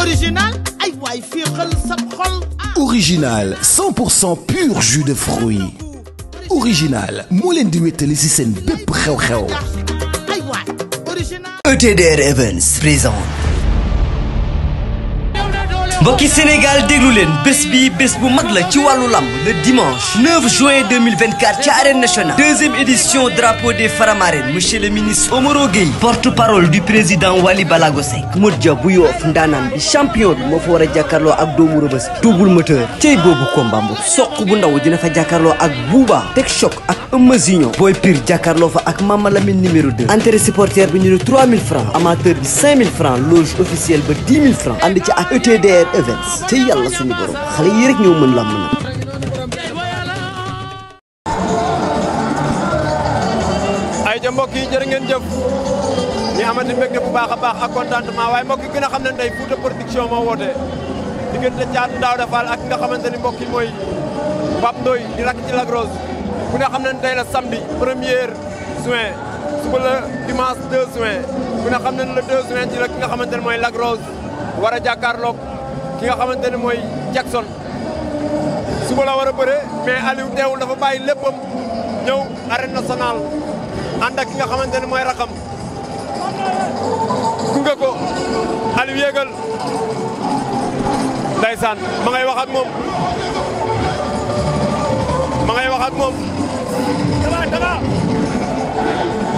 original ay waay fii xel sa xol. original 100% pur jus de fruits original moo leen di wéttali ci seen bépp xew-xew. ETDR Events présente. mbokki Sénégal déglu leen bés bi bés bu mag la ci wàllu lamb le dimanche 9 juin 2024 ci arène nationale deuxième édition drapeau des Faramaren monsieur le ministre Omaro Gueye porte-parole du président Wali Balago Seck Modou Dia bu Yoof ndaanaan bi champion bi moo a jàkkaarloo ak doomu Rëbës bi double moteur cey boobu combat soq bu ndaw dina fa jàkkaarloo ak Bouba Tek Choc ak Eumeu Junior Boy Pire jàkkaarloo fa ak Mama Lamine numéro 2 entrée supporter bi ñu ne 3000 francs amateur ci events te yàlla suñu borom xale yi rek ñoo mën làmb nag ay ja mbokk yi jërë ngeen jëf ñu amati mbégte bu baax a baax ak contentement waaye mbokk yi gën a xam ne tey Fouta production di woote diggante Thiatou Daouda Fall ak ki nga xamante ni mbokk yi mooy Pape Ndoye di rakk ci Lac Rose xam ne tey la samedi premier juin suba la dimanche 2 juin ku nga xam ne le 2 juin ci la ki nga xamante ne mooy Lac Rose war a jàkkaarloog ki nga xamante ne mooy Jackson suba la war a bëre mais Aliou teewul dafa bàyyi léppam ñëw arène ki nga xamante ne mooy raxam gunge ko Aliou yéegal ma ngay wax ak moom ma ngay wax ak moom dama dama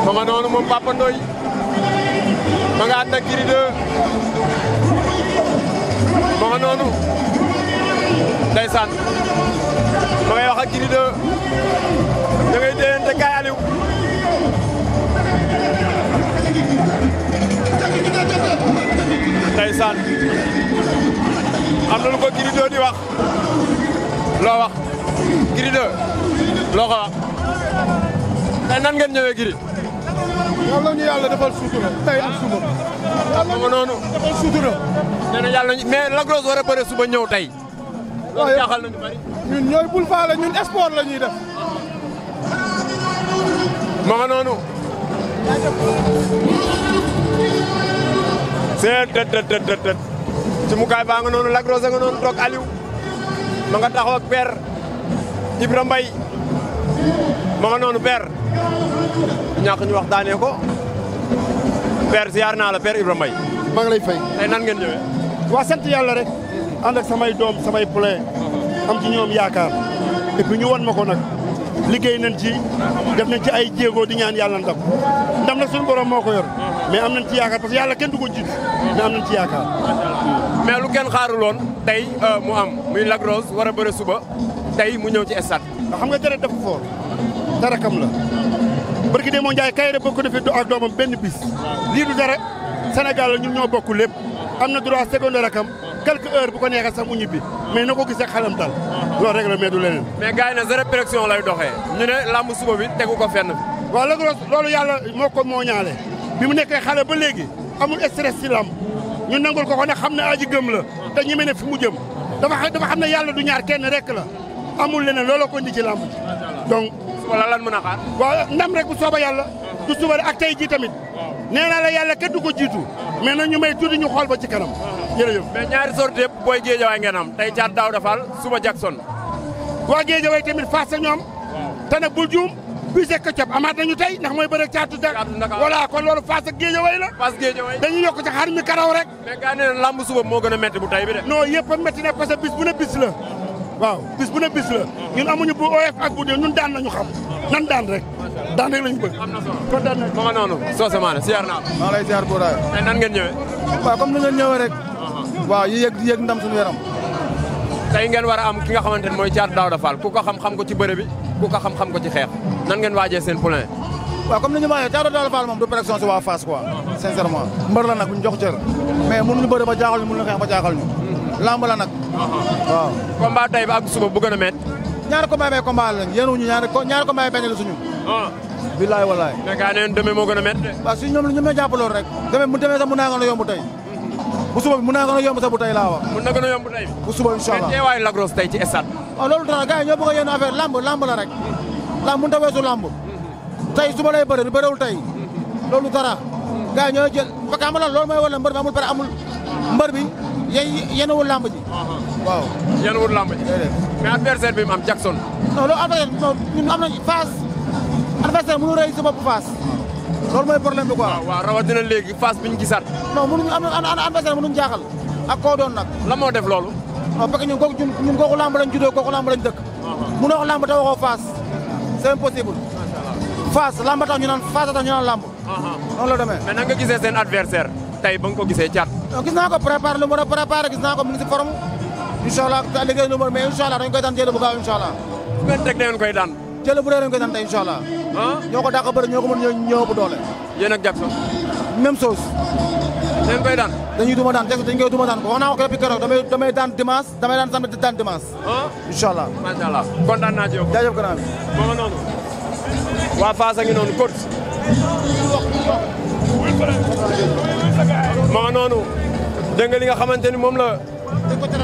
ma nga noonu moom Papa Ndoye ma nga ànd ak Gris ma nga noonu ndeysaan ma ngay wax ak Gris 2 da ngay déyante kaay Aliou ndeysaan am na lu ko Gris di wax loo wax Gris 2 loo ko wax tey nan ngeen ñëwee Gris xam nga noonu. defal na yàlla suba ñëw tey. waaw la ñuy def. ma seet tët tët tët tët ci mukaay baa nga noonu Lac Rose nga noonu toog Aliou ma nga taxaw ak père Ibra Mbaye ma nga noonu waxtaanee ko. père ziar naa la père Ibrahima Mbaye. maa ngi lay fay. tey nan ngeen ñëwee. waa sant yàlla rek. ànd ak samay doom samay poulain. am ci ñoom yaakaar. et puis ñu wan ma ko nag. liggéey nañ ci def nañ ci ay jéego di ñaan yàlla ndam ndam na suñu boroom moo ko yor mais am nañ ci yaakaar parce que yàlla kenn du ko jiitu mais am nañ ci yaakaar. mais lu kenn xaaruloon tey euh, mu am muy Lac Rose war suba tey mu ñëw ci stade. xam nga dara dafa fort dara kam la. barki de moo Ndiaye Kaïré bokk na fi ak doomam benn bis lii du dara Sénégal la ñun ñoo bokk lépp am na droit secondaire akam quelque heure bu ko neexee sax mu ñibbi mais na ko gisee xalam dal loolu rek la mais du leneen. mais gars yi na zéro pression lay doxee ñu ne làmb suba bi tegu ko fenn. waaw Lac Rose loolu yàlla moo ko moo ñaale bi mu nekkee xale ba léegi amul stress ci làmb ñu nangul ko ko ne xam ne aji gëm la te ñeme ne fu mu jëm dafa dafa na ne yàlla du ñaar kenn rek la amul leneen looloo ko indi ci làmb wala lan mën a xaar. ndam rek bu sooba yàlla. du mm-hmm. suba ak tey jii tamit. nee naa la yàlla kenn ko jiitu. Mm-hmm. mais nag ñu may tuuti ñu xool ba ci kanam. Mm-hmm. jërëjëf mais ñaari sorties yëpp booy géejawaay ngeen am tey Thiat Daouda Fall suba Jackson. waa géejawaay tamit face ak ñoom. te nag bul juum. bu sekk cob amaat nañu tey ndax mooy bëre caatu da voilà kon loolu Fass ak Guédiawaye la Fass Guédiawaye dañu yokk ci karaw rek mais gaa nee na lamb suba moo gën a métti yëpp a métti ne parce que waaw bis bu ne bis la ñun amuñu bu oyof ak bu dee ñun daan nañu xam nan daan rek daan rek lañu na solo kon daan nañu. ma nga noonu Socé Mané siyaar naa. maa ngi lay siyaar bu raay. tey nan ngeen ñëwee. waaw comme ni ngeen ñëwee rek. Uh-huh. waaw yi yëg yëg ndam suñu yaram. tey ngeen war a am ki nga xamante ne mooy Thiatou Daouda Fall ku ko xam-xam ko ci bëre bi ku ko xam-xam ko ci xeex nan ngeen waajee seen poulain. waaw comme ni ñu ma waxee Thiatou Daouda Fall moom du pression si waa Fass quoi uh-huh. sincèrement mbër la nag jox cër mais mënuñu bëre ba jaaxal lamb la nag. waaw. combat tey ba ak suba bu gën a métti. ñaari combat yi may combat lañ yéenuñu ñaari ñaari combat yi benn la ah. bilaay walaay. mais gaa neen demee moo gën a métti. waaw si ñoom ñu may rek. demee mu demee sax mun naa gën a bu suba bi mun naa gën a yomb sax bu tey laa wax. mun na gën a yomb tey. bu suba incha allah mais teewaay Lac Rose tey ci stade. waaw loolu tax gars ñoo bëgg a yéen affaire lamb rek. lamb mënut a weesu lamb. tey suba lay bëre lu bëriwul loolu dara. gars yi ñoo bi yenewul lamb ji. Uh-huh. waaw yenewul lamb ji. mais adversaire bi mu am Jackson. non loolu adversaire ñun am nañ phase adversaire mënu rëy sa bopp phase. loolu mooy problème bi quoi. waaw rawatina léegi phase bi ñu gisaat. non mënuñu am na adversaire mënuñu jaaxal ak koo doon nag. lan moo def loolu. waaw parce que ñun kooku ñun kooku lamb lañ juddoo kooku lamb lañ dëkk. Uh-huh. mënoo wax lamb te waxoo phase c'est impossible. phase lamb tax ñu naan phase tax ñu naan uh-huh. la demee. mais nan nga gisee seen adversaire tey ba ko gisee caat. gis naa ko préparé lu mu war naa ko mu ngi si forme incha allah liggéey lu mu mais incha koy daan jël bu gaaw incha allah. bu ngeen teg dañ koy daan. jël bu rëy dañ koy daan tey ñoo ko dàq ko mën ñoo ñëw bu doole. yéen ak Jackson. même chose. dañ koy duma daan Jackson dañ duma daan ko wax naa ko képp keroog damay damay daan dimanche damay daan samedi daan dimanche. incha allah. macha allah kontaan naa ci yow. a ngi maa noonu dégg nga li nga xamante ni moom la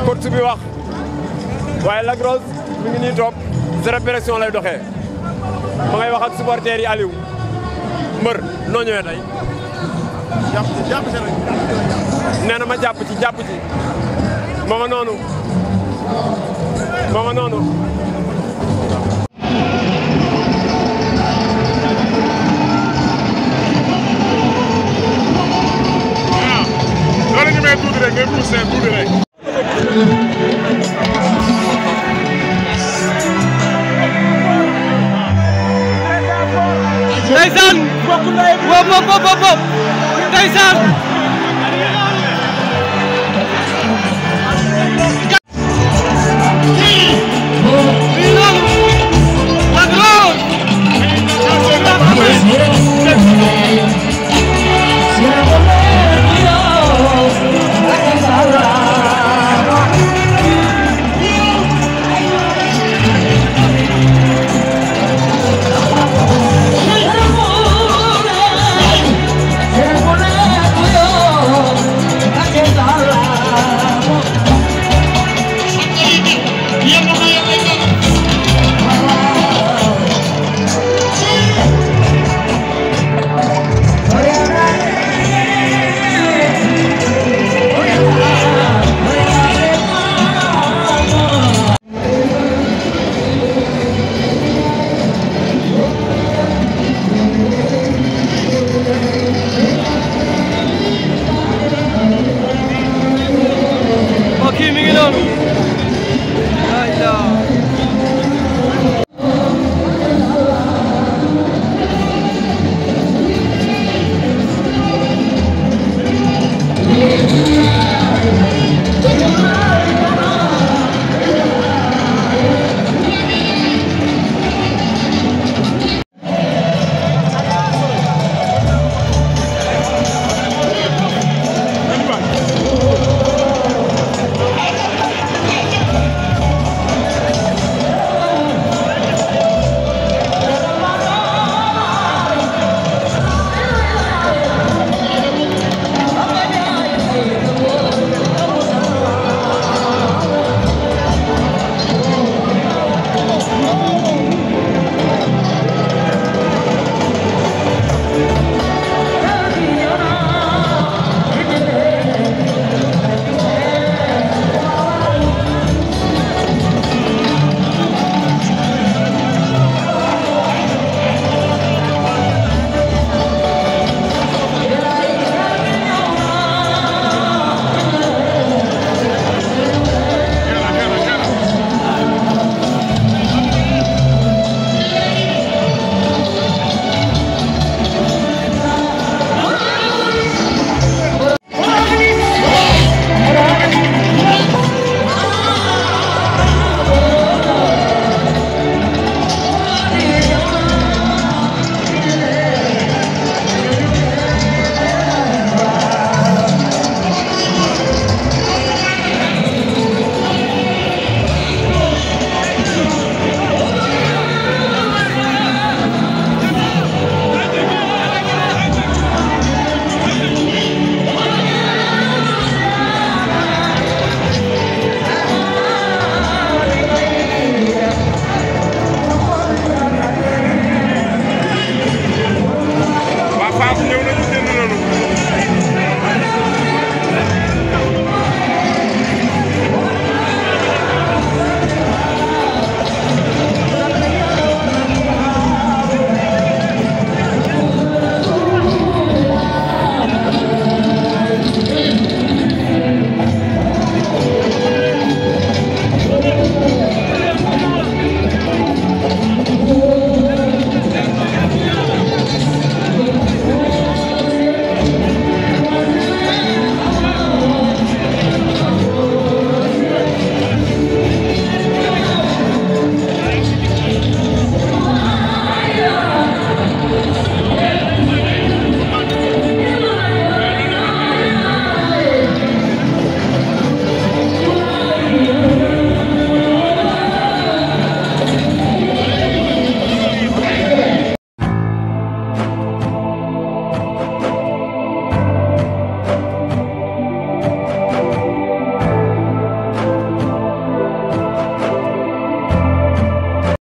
coach bi wax waaye Lac Rose mi ngi nii toog zéro pression lay doxee ma ngay wax ak supporters yi Aliou mbër noo ñëwee tey. nee na ma jàpp ci jàpp ci nga noonu ma nga noonu. demee tuuti rek ngay poussé tuuti rek. ndeysaan. boobu boobu boobu ndeysaan.